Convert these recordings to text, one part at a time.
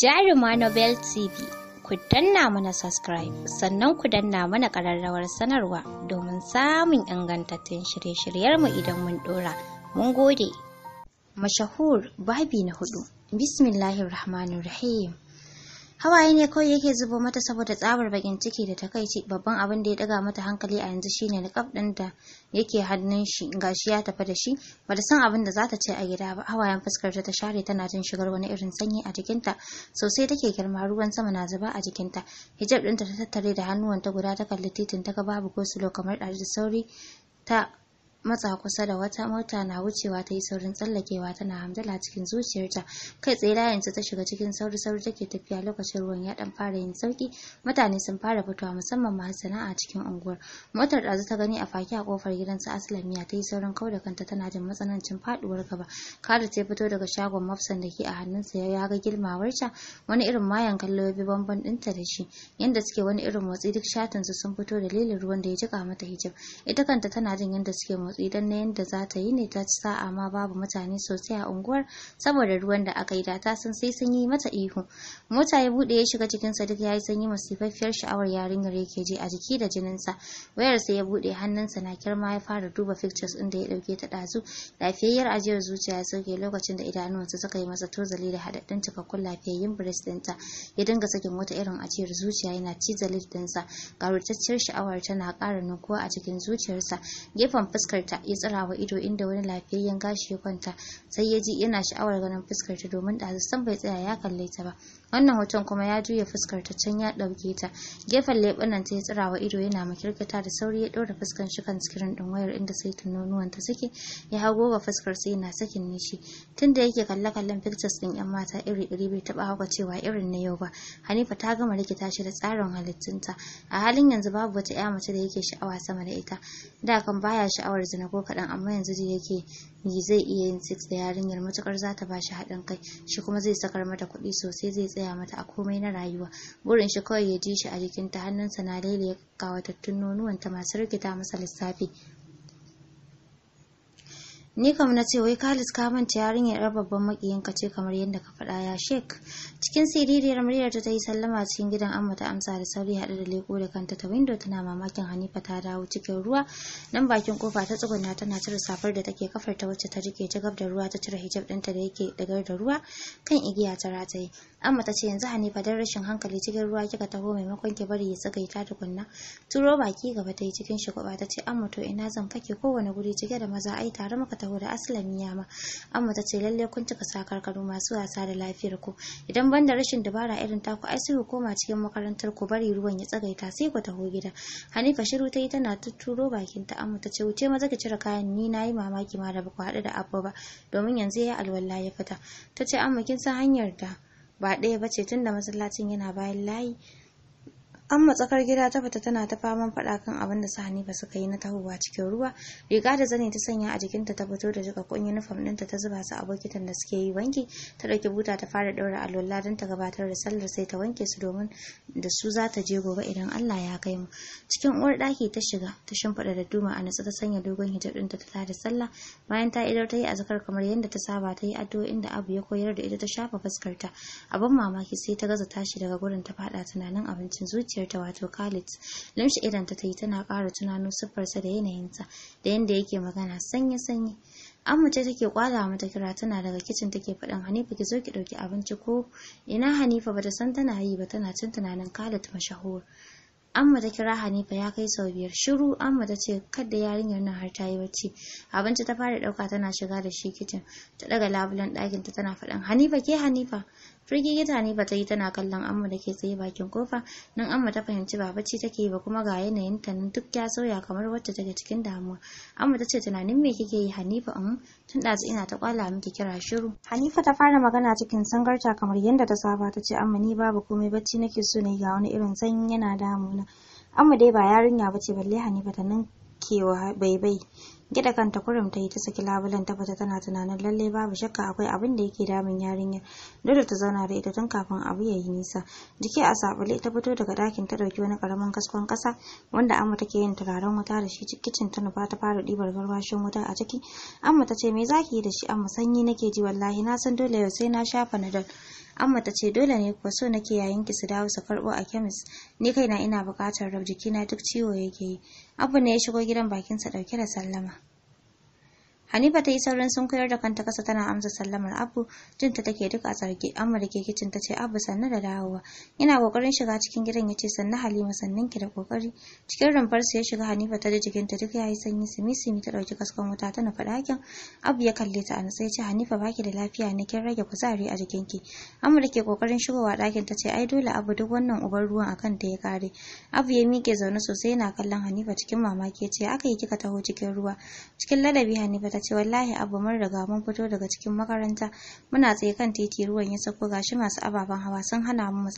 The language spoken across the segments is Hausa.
Jaruma Nobel TV. Ku danna mana subscribe sannan ku danna mana ƙararrawar sanarwa domin samun ingantattun shirye-shiryarmu idan mun ɗora. Mun gode. Mashahur babi na hudu. Bismillahirrahmanirrahim. Hawaye ne kawai yake zubo mata saboda tsabar bakin ciki da takaici babban abin da ya daga mata hankali a yanzu shine niqab din da yake hannun shi gashi ya tafi da shi bata san abin da zata ce a gida ba hawayen fuskar ta share tana jin shigar wani irin sanyi a jikinta sosai take girma ruwan sama na zuba a jikinta hijab ɗinta ta tattare da hannuwanta guda ta kalli titin ta ga babu ko kamar da sauri ta matsa kusa da wata mota na wucewa ta yi saurin tsallakewa tana hamdala cikin zuciyarta kai tsaye yanzu ta shiga cikin sauri sauri take tafiya lokacin ruwan ya dan fara yin sauki mutane sun fara fitowa musamman masu sana'a cikin unguwar motar ɗazu ta gani a faki a kofar gidansa aslamiya ta yi saurin kau da kanta tana jin matsanancin faduwar gaba kada ta fito daga shagon mafsan da ke a hannunsa ya ga girmawarta wani irin mayan kallo ya bi bamban dinta da shi yanda suke wani irin motsi duk shatinsu sun fito dalilin ruwan da ya jika mata hijab ita kanta tana jin yanda suke motsi don na yadda za ta yi ne ta ci sa'a ma babu mutane sosai a unguwar saboda ruwan da aka yi da ta san sai sun yi mata ihu mota ya bude ya shiga cikin sa duk yayi sanyi masifaffiyar sha'awar yarinyar yake ji a jiki da jininsa wayar sa ya bude hannunsa na kirma ya fara duba pictures da ya dauke ta dazu lafiyayyar ajiyar zuciya ya sauke lokacin da idanuwansa suka yi masa tozali da haɗaɗɗun cikakkun lafiyayyen breast ɗinta ya dinga sakin wata irin ajiyar zuciya yana ci lip ɗinsa garutacciyar sha'awar tana ƙara nukuwa a cikin zuciyarsa gefen fuskar fuskarta ya wa ido inda wani lafiyayyen gashi ya kwanta sai ya ji yana sha'awar ganin fuskarta domin ɗazu san bai tsaya ya kalle ta ba wannan hoton kuma ya juya fuskar ta can ya ɗauke ta gefen leɓunan ta ya tsirawa ido yana makirkita da sauri ya ɗora fuskan shi kan sikirin ɗin wayar inda sai nonuwan ta suke ya hago ga fuskar sai yana sakin nishi tunda yake kalle kallon pictures ɗin yan mata iri iri bai taɓa haka cewa irin na yau ba hanifa ta gama rikita shi da tsarin halittunta a halin yanzu babu wata ya mace da yake sha'awa sama da ita da kan baya sha'awar zina ko kaɗan amma yanzu da yake yi zai iya yin sex da yarinyar matukar za ta bashi haɗin kai shi kuma zai sakar mata kuɗi sosai zai tsaya mata a komai na rayuwa burin shi kawai ya ji shi a jikinta hannunsa na ya kawatattun nonuwanta masu rikita masa lissafi ni kam na ce wai kalis ka manta yarinyar yar babban makiyin ka ce kamar yadda ka faɗa ya shek cikin siririyar muryar ta yi sallama cikin gidan amma ta amsa da sauri haɗe da leko da kanta ta windo tana mamakin hanifa ta dawo cikin ruwa nan bakin kofa ta tsugunna tana cire safar da take kafar ta wacce ta rike ta gab da ruwa ta cire hijab ɗinta da yake dagar da ruwa kan igiya ta rataye amma ta ce yanzu hanifa don rashin hankali cikin ruwa kika taho maimakon ki bari ya ta tukunna turo baki gaba ta yi cikin shi ta ce amma to ina zan fake kowane guri cike da maza ai tare maka saboda asalami ya ma amma ta ce lalle kun cika sakarkaru masu wasa da lafiyar ku idan ban da rashin dabara irin taku ai sai ku koma cikin makarantar ku bari ruwan ya tsagaita sai ku taho gida hanifa shiru ta yi tana tutturo bakin ta amma ta ce wuce maza ki cire kayan ni na yi mamaki ma da baku haɗu da abba ba domin yanzu ya alwala ya fita ta ce amma kin san hanyar da ba ɗaya ba ce da masallacin yana bayan layi amma tsakar gida ta fita tana ta faman faɗa kan abin da su Hanifa suka yi na tahowa cikin ruwa riga da zani ta sanya a jikinta ta fito da kun uniform ɗinta ta zuba su a bokitin da suke yi wanki ta ɗauki buta ta fara ɗaura alwala don ta gabatar da sallar sai ta wanke su domin da su za ta je gobe idan Allah ya kai mu cikin uwar ɗaki ta shiga ta shimfiɗa da duma a natsa ta sanya dogon hijab ɗinta ta tada sallah bayan ta idar ta yi azkar kamar yadda ta saba ta yi addu'o'in da abu ya koyar da ita ta shafa fuskarta abin mamaki sai ta gaza tashi daga gurin ta faɗa tunanin abincin zuciya sister-ta wato Khalid. Lamshi idan ta yi tana ƙara tunano siffarsa da yanayinta da yanda yake magana sanye-sanye. Amma ce take kwala mata kira tana daga kicin take faɗin Hanifa ki zo ki ɗauki abinci ko ina Hanifa bata san tana yi ba tana cin tunanin Khalid mashahur. Amma ta kira Hanifa ya kai sau biyar shiru Amma ta ce kadda yarinyar nan har ta yi bacci abinci ta fara ɗauka tana shiga da shi kicin ta daga labulen ɗakin ta tana faɗin Hanifa ke Hanifa ne ba ta yi tana kallon amma da ke tsaye bakin kofa nan amma ta fahimci ba bacci take ba kuma ga yanayin ta nan duk ya sauya kamar wacce take cikin damuwa amma ta ce tunanin me kike yi hanifa am uhm, tun ɗazu ina ta kwala miki kira shiru hanifa ta fara magana cikin sangarta kamar yadda ta saba ta ce amma ni babu komai bacci nake so ne ga wani irin sanyi yana damuna amma dai ba yarinya ba bace balle hanifa ta nan kewa bai gida kanta kurum ta yi ta saki labulen ta fita tana tunanin lalle babu shakka akwai abin da yake damun yarinya dole ta zauna da ita tun kafin abu ya yi nisa jiki a sabule ta fito daga dakin ta dauki wani karamin kaskon kasa wanda amma take yin turaren wuta da shi kicin ta nufa ta fara ɗibar garwashin wuta a ciki amma ta ce me zaki yi da shi amma sanyi nake ji wallahi na san dole yau sai na shafa na dal amma ta ce dole ne kuwa so nake yayin ki su dawo su karɓo a kemis ni kaina ina bukatar rab jikina duk ciwo yake yi abu ne ya shigo gidan bakin sa dauke da sallama Hanifa ta yi saurin sun koyar da kanta kasa tana amsa sallamar Abu, jin take duk a tsarki. Amma da ke kicin ta ce Abu sannu da dawowa. Ina kokarin shiga cikin gidan ya ce sannu Halima sannan ki da kokari. Cikin rumfar su ya shiga Hanifa ta da ta duk yayi sanyi simi simi ta dauki kaskon wuta na faɗa hakin. Abu ya kalle ta a nutsa ya ce Hanifa baki da lafiya ne kin rage kuzari a jikinki. Amma da ke kokarin shigowa ɗakin ta ce ai dole Abu duk wannan uban ruwan akan ta ya kare. Abu ya miƙe zaune sosai yana kallon Hanifa cikin mamaki ya ce aka yi kika taho cikin ruwa. Cikin ladabi Hanifa ta suka ce wallahi abu mun riga mun fito daga cikin makaranta muna tsaye kan titi ruwan ya sako gashi masu ababen hawa sun hana mu mu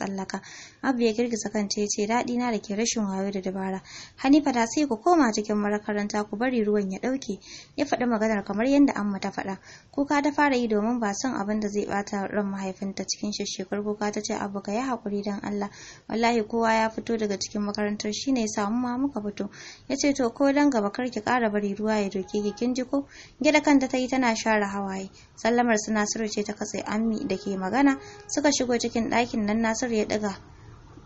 abu ya girgiza kan ce ce daɗi na da ke rashin wayo da dabara hanifa da sai ku koma cikin makaranta ku bari ruwan ya ɗauke ya faɗi maganar kamar yadda amma ta faɗa kuka ta fara yi domin ba son abin da zai ɓata ran mahaifinta cikin shekar kuka ta ce abu ka yi haƙuri don allah wallahi kowa ya fito daga cikin makarantar shine ya samu ma muka fito ya ce to ko dan gaba kar ki ƙara bari ruwa ya doke ki kin ji ko Gida kanta ta yi tana share hawaye. Sallamar su Nasiru ce ta katse Ammi da ke magana suka shigo cikin ɗakin nan Nasiru ya ɗaga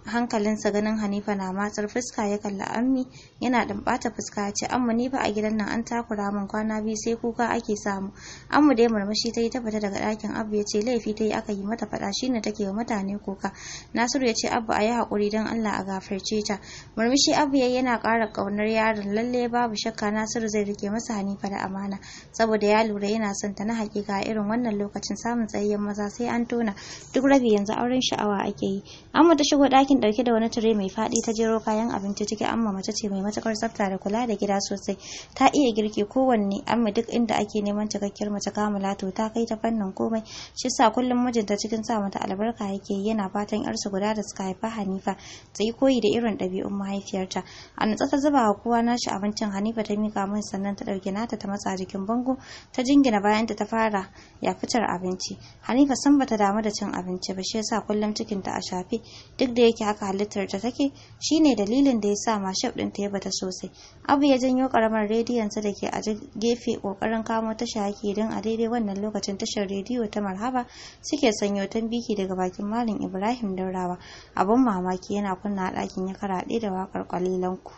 hankalinsa ganin Hanifa na matsar fuska ya kalli Ammi yana dan fuska ya ce Amma ni fa a gidan nan an takura min kwana biyu sai kuka ake samu Amma dai murmushi ta yi ta fita daga ɗakin Abu ya ce laifi ta yi aka yi mata faɗa shi shine take wa mutane kuka Nasiru ya ce Abu a yi haƙuri don Allah a gafarce ta murmushi Abu yayi yana ƙara ƙaunar yaron lalle babu shakka Nasiru zai rike masa Hanifa da amana saboda ya lura yana son ta na hakika irin wannan lokacin samun tsayayyen maza sai an tona duk rabi yanzu auren sha'awa ake yi Amma ta shigo ɗakin Ɗakin dauke da wani tire mai faɗi ta jero kayan abinci ciki amma mace ce mai matukar tsafta da kula da gida sosai. Ta iya girki kowanne amma duk inda ake neman cikakkiyar mace kamula to ta kai ta fannin komai. Shi sa kullum mijinta cikin sa mata albarka yake yana fatan yarsa guda da suka haifa Hanifa ta yi koyi da irin ɗabi'un mahaifiyarta. A natsa ta zuba wa kowa nashi abincin Hanifa ta mika min sannan ta ɗauki nata ta matsa jikin bango ta jingina bayan ta fara ya fitar abinci. Hanifa san bata damu da cin abinci ba shi yasa kullum cikinta a shafe duk da yake haka halittar ta take shine dalilin da ya sa mashab din ta bata sosai abu ya janyo karamar rediyon sa dake a gefe kokarin kamo tasha yake don a daidai wannan lokacin tashar rediyo ta marhaba suke sanyo biki daga bakin malam ibrahim daurawa abun mamaki yana kunna dakin ya karaɗe da wakar kwalilan ku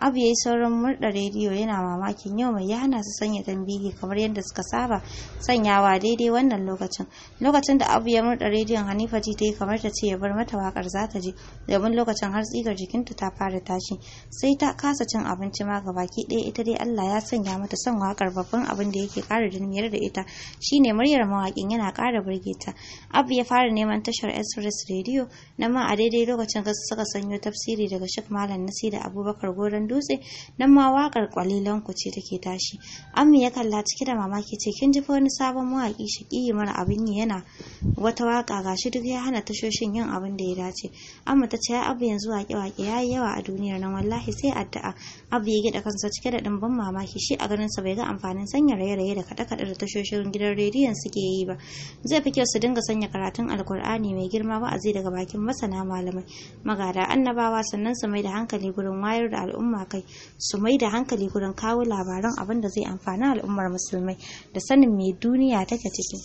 abu ya yi sauran murɗa rediyo yana mamakin yau mai ya hana su sanya tambihi kamar yadda suka saba sanyawa daidai wannan lokacin lokacin da abu ya murda rediyon hanifa ji ta yi kamar ta ce ya bar mata wakar za ta je domin lokacin har tsigar jikinta ta fara tashi sai ta kasa cin abinci ma ga baki ɗaya ita dai allah ya sanya mata son wakar babban abin da yake ƙara dunmiyar da ita shine muryar mawakin yana ƙara burge ta abu ya fara neman tashar express rediyo na ma a daidai lokacin gasu suka sanyo tafsiri daga shek malam nasi da abubakar goron dutse nan ma wakar kwalilan ku ce take tashi ammi ya kalla cike da mamaki ce kin ji wani sabon mawaki shaki mara abin yi yana wata waka gashi duk ya hana tashoshin yin abin da ya dace amma ta ce abu yanzu waƙe-waƙe wake yayi yawa a duniyar nan wallahi sai addu'a abu ya gida kansa cike da dimbin mamaki shi a garin sa bai ga amfanin sanya raye-raye da kada-kada da tashoshin gidan rediyon suke yi ba zai fi kyau su dinga sanya karatun alkur'ani mai girma ba a zai daga bakin masana malamai magada annabawa sannan su mai da hankali gurin wayar da al'umma al'umma kai su mai da hankali gurin kawo labaran abin da zai amfani al'ummar musulmai da sanin mai duniya take ciki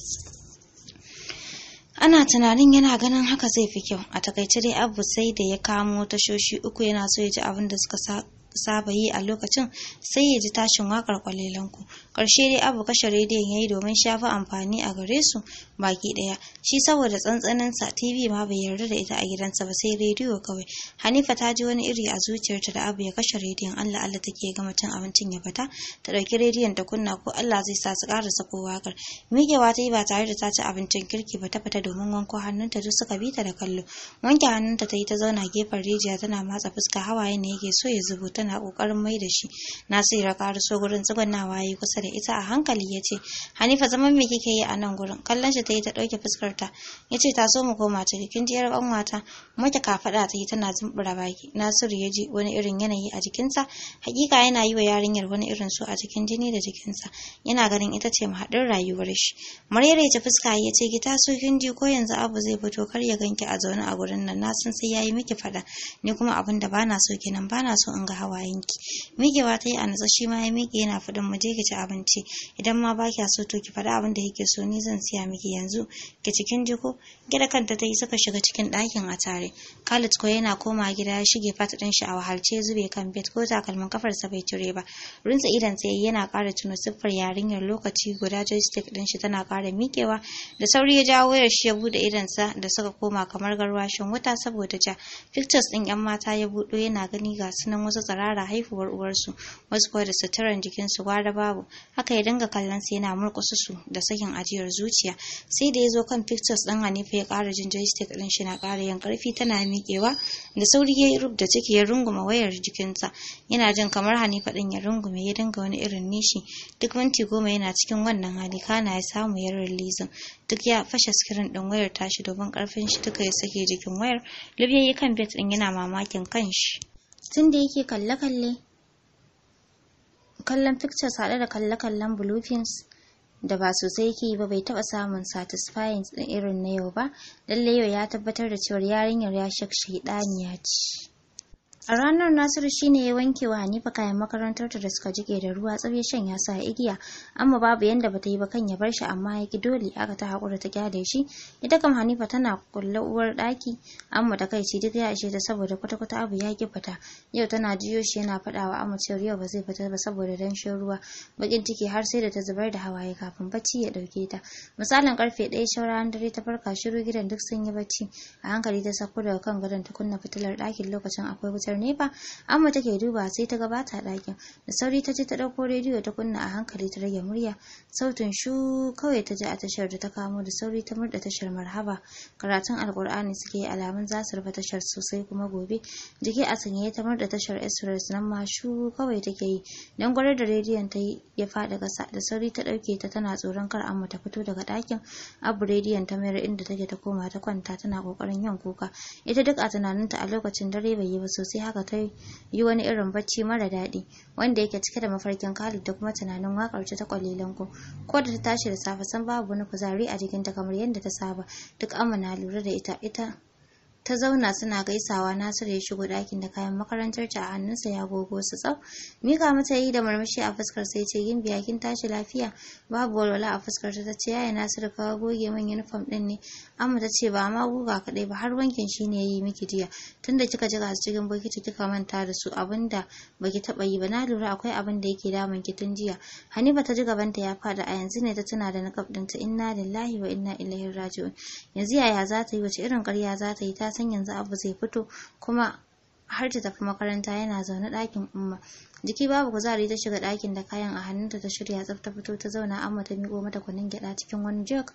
ana tunanin yana ganin haka zai fi kyau a takaice dai abu sai da ya kamo tashoshi uku yana so ya ji abin da suka saba yi a lokacin sai ya ji tashin wakar kwalelanku karshe dai abu kashe rediyon ya yi domin shafa amfani a gare su baki ɗaya shi saboda tsantsaninsa tv ma bai yarda da ita a gidansa ba sai rediyo kawai hanifa ta ji wani iri a zuciyarta da abu ya kashe rediyon allah allah take gama cin abincin ya fita ta dauki rediyon ta kunna ko allah zai sa su ƙara sako wakar miƙewa ta yi ba tare da ta ci abincin kirki ba ta fita domin wanko hannunta duk suka bi ta da kallo wanke hannunta ta yi ta zauna gefen rediyo tana matsa fuska hawaye ne yake so ya zubuta tana kokarin mai da shi nasiru ya karaso gurin tsugunawa yayi kusa da ita a hankali ya ce hanifa zaman me kike yi a nan gurin kallon shi ta yi ta ɗauke fuskar ta ya ce ta so mu koma ta kin ji yar ƙanwata mata ka ta yi tana zumbura baki nasiru ya ji wani irin yanayi a jikinsa hakika yana yi wa yarinyar wani irin so a cikin jini da jikinsa yana ganin ita ce mahaɗin rayuwar shi ta fuska ya ce ki taso kin ji ko yanzu abu zai fito kar ya ganki a zaune a gurin nan na san sai yayi miki faɗa ni kuma abin da bana so kenan bana so in ga hawa hawayenki miƙewa ta yi a natsa shi ma ya mike yana faɗin mu je ki ci abinci idan ma ba kya so to ki faɗi abin da kike so ni zan siya miki yanzu ki cikin jiko gida kanta ta yi suka shiga cikin ɗakin a tare Khalid ko yana koma gida ya shige fata ɗin shi a wahalce zube kan bed ko takalmin kafarsa bai cire ba rinsa idan sai yana kara tuno siffar yarinyar lokaci guda joystick ɗin shi tana kara. mikewa da sauri ya jawo wayar shi ya buɗe idansa da suka koma kamar garwashin wuta saboda ja pictures ɗin 'yan mata ya buɗo yana gani ga sunan wasu tsara tsirara haihuwar uwarsu wasu kuwa da suturan jikinsu gwara babu haka ya dinga kallon su yana murkusu su da sakin ajiyar zuciya sai da ya zo kan pictures ɗin hanifa ya ƙara jin joystick ɗin shi na ƙara yin ƙarfi tana miƙewa da sauri ya yi rub da ciki ya runguma wayar jikinsa yana jin kamar hanifa ɗin ya rungume ya dinga wani irin nishi duk minti goma yana cikin wannan hali kana ya samu ya rilizin duk ya fashe sikirin ɗin wayar tashi domin ƙarfin shi duka ya sake jikin wayar libya kan bet ɗin yana mamakin kanshi tun da yake kalle-kalle kallon pictures haɗe da kalle-kallen bluefins da ba sosai yake yi ba bai taɓa samun satisfying ɗin irin na yau ba lallai yau ya tabbatar da cewar yarinyar ya shak ɗaniya ce A ranar Nasiru shi ne ya wanke wa Hanifa kayan makarantarta da suka jike da ruwa shan ya shanya sa igiya, amma babu yanda bata yi ba kan ya bar shi amma ya ki dole aka ta haƙura ta gyara shi. Ita kam Hanifa tana kulle uwar daki, amma da kai duk ya ishe ta saboda kwata kwata abu ya ki fita. Yau tana jiyo shi yana faɗa wa amma cewa yau ba zai fita ba saboda danshin ruwa. baƙin ciki har sai da ta zubar da hawaye kafin bacci ya ɗauke ta. Misalin ƙarfe ɗaya shaura dare ta farka shiru gidan duk sun yi bacci. A hankali ta sako daga kan gadon ta kunna fitilar ɗakin lokacin akwai wutar ne nefa amma take duba sai ta gabata dakin da sauri ta ji ta ɗauko rediyo ta kunna a hankali ta rage murya sautin shu kawai ta ji a tashar da ta kamo da sauri ta murda tashar marhaba karatun alkur'ani suke yi alamun za su rufe tashar sosai kuma gobe jiki a sanye ta murda tashar express nan ma shu kawai take yi dan gwarar da rediyon ta ya faɗi kasa da sauri ta ɗauke ta tana tsoron kar amma ta fito daga dakin abu rediyon ta mayar inda take ta koma ta kwanta tana kokarin yin kuka ita duk a tunaninta a lokacin dare bai yi ba sosai haka ta yi wani irin bacci mara daɗi wanda yake cike da mafarkin Khalid da kuma tunanin waƙar ta kwalilan ko ko da ta tashi da safe san babu wani kuzari a jikinta kamar yadda ta saba duk amma na lura da ita ita ta zauna suna gaisawa Nasiru ya shigo ɗakin da kayan makarantar ta a hannunsa ya gogo su tsaf mika mata yi da murmushi a fuskar sai ce gimbiya kin tashi lafiya babu walwala a fuskar ta tace yaya Nasiru ka goge min uniform ɗin ne amma ta ce ba ma guga kaɗai ba har wankin shine yi miki jiya tunda kika jira su cikin bokiti kika manta da su abinda baki taɓa yi ba na lura akwai abin da yake damun ki tun jiya Hanifa ta ji gabanta ya fada a yanzu ne ta tuna da nakab ta inna lillahi wa inna ilaihi raji'un yanzu yaya za ta yi wace irin ƙarya za ta yi ta san yanzu abu zai fito kuma har ta tafi makaranta yana zaune ɗakin umma jiki babu kuzari ta shiga ɗakin da kayan a hannunta ta shirya tsaf ta fito ta zauna amma ta miƙo mata kunun gyaɗa cikin wani jok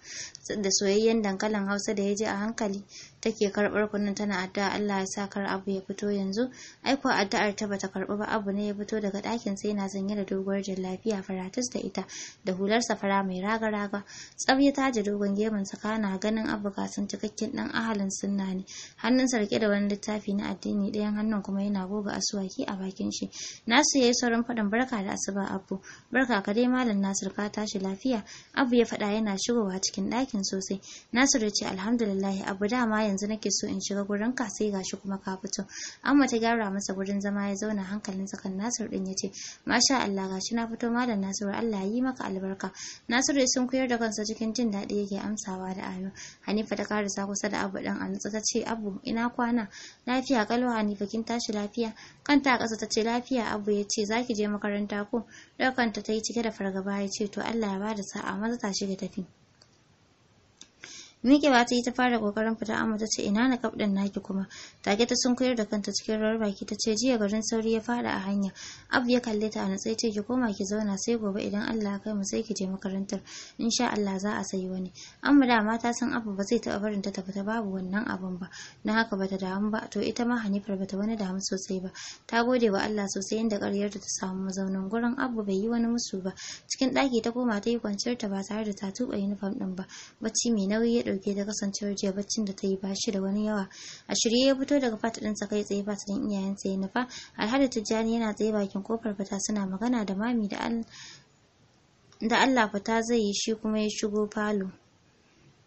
da soyayyen dankalin hausa da ya je a hankali take karbar kunun tana addu'a Allah ya sa kar abu ya fito yanzu Ai ko addu'ar ta bata karɓi ba abu ne ya fito daga ɗakin sai na sanye da doguwar lafiya, faratus da ita da hular safara mai raga-raga tsab ta ji dogon gemun saka na ganin abu kasan cikakken ɗan ahalin sunna ne sa rike da wani littafi na addini ɗayan hannun kuma yana goga asuwaki a bakin shi nasu yayi sauran faɗin barka da asuba abu barka ka dai malam nasir ka tashi lafiya abu ya faɗa yana shigowa cikin ɗakin sosai nasir ya ce alhamdulillah abu dama yanzu nake so in shiga gurin ka sai gashi kuma ka fito amma ta gyara masa gurin zama ya zauna hankalin sa kan Nasir din yace masha Allah gashi na fito malam Nasiru Allah yi maka albarka Nasiru sun koyar da kansa cikin jin daɗi yake amsawa da ayo Hanifa ta karasa kusa da Abu dan Anutsa ta ce Abu ina kwana lafiya kalwa Hanifa kin tashi lafiya kanta a ƙasa ta ce lafiya Abu ya ce zaki je makaranta ko ɗaukanta ta yi cike da fargaba ya ce to Allah ya bada sa'a maza ta shiga tafi Miki ba ta yi ta fara kokarin fita amma ta ce ina na kaf din naki kuma. Take ta sun koyar da kanta cikin rawar baki ta ce jiya garin sauri ya fada a hanya. Abu ya kalle ta a natsai ce ki koma ki zauna sai gobe idan Allah ya kai mu sai ki je makarantar. Insha Allah za a sayi wani. Amma da mata san Abu ba zai taba barin ta tafi ta babu wannan abun ba. Na haka bata damu ba to ita ma Hanifar bata wani damu sosai ba. Ta gode wa Allah sosai inda ƙaryar ta samu mazaunin gurin Abu bai yi wani musu ba. Cikin ɗaki ta koma ta yi kwanciyar ta ba tare da ta tuba uniform ɗin ba. Bacci mai nauyi dauke da kasancewar jiya baccin da ta yi ba shi da wani yawa a shirye ya fito daga fat ɗinsa kai tsaye ba don iyayensa ya nufa alhada tijjani yana tsaye bakin kofar fata suna magana da mami da Allah fata zai yi shi kuma ya shigo falo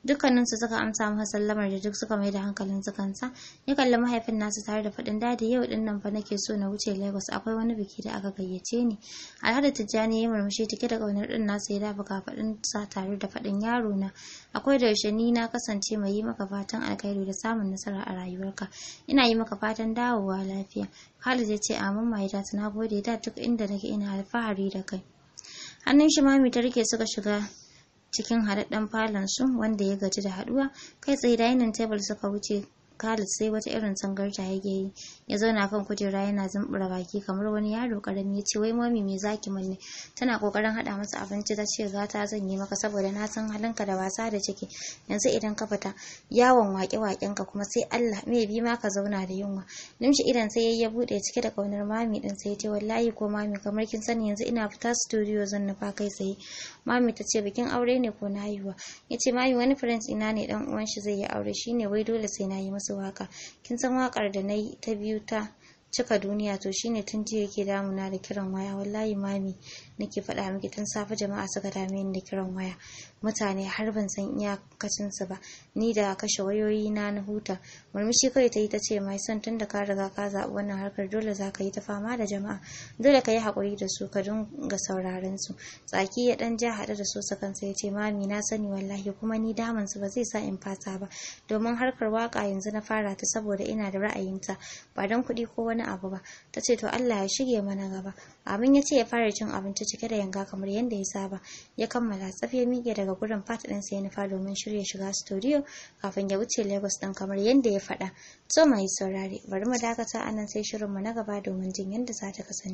dukkaninsu suka amsa masa sallamar da duk suka mai da hankalin zukansa ya kalli mahaifin nasu tare da faɗin dadi yau din nan fa nake so na wuce lagos akwai wani biki da aka gayyace ni alhada tijjani ya murmushi cike da ƙaunar ɗin nasa ya dafa kafaɗin sa tare da faɗin yaro na akwai da yaushe ni na kasance mai yi maka fatan alkhairi da samun nasara a rayuwarka ina yi maka fatan dawowa lafiya Khalid ya ce amin mahaifiyata ta gode. da duk inda nake ina alfahari da kai hannun shi mami ta rike suka shiga cikin haɗaɗɗen falon su wanda ya gaji da haɗuwa kai tsaye dining table suka wuce Khalid sai wata irin tangarta yake yi ya zauna kan kujera yana zumbura baki kamar wani yaro karami ya ce wai mami me zaki manne tana kokarin hada masa abinci ta ce za ta zan yi maka saboda na san halinka da wasa da ciki yanzu idan ka fita yawon waƙe waken ka kuma sai Allah me bi ma ka zauna da yunwa nimshi idan sai yayi ya bude cike da kaunar mami din sai ce wallahi ko mami kamar kin sani yanzu ina fita studio zan nufa kai tsaye mami ta ce bikin aure ne ko na haihuwa ya ce mami wani friends ina ne dan uwan shi zai yi aure shine wai dole sai na yi masa wasu kin san wakar da na yi ta biyu ta cika duniya to shine tun jiya yake damuna da kiran waya wallahi mami nake faɗa miki tun safe jama'a suka dame ni da kiran waya mutane har ban san iyakacin su ba ni da kashe wayoyi na na huta murmushi kai ta yi ta ce mai son tun da ka riga ka zaɓi wannan harkar dole za ka yi ta fama da jama'a dole ka yi haƙuri da su ka dinga sauraron su tsaki ya dan ja haɗe da su kansa ya ce mami na sani wallahi kuma ni daman su ba zai sa in fasa ba domin harkar waka yanzu na fara ta saboda ina da ra'ayinta ba don kuɗi ko wani wani abu ba ta ce to Allah ya shige mana gaba abin ya ce ya fara cin abinci cike da yanga kamar yadda ya saba ya kammala tsaf ya miƙe daga gurin fat ɗin sai ya nufa domin shirya shiga studio kafin ya wuce Lagos ɗin kamar yadda ya faɗa to mai saurare bari mu dakata anan sai shirin shirinmu na gaba domin jin yadda za ta kasance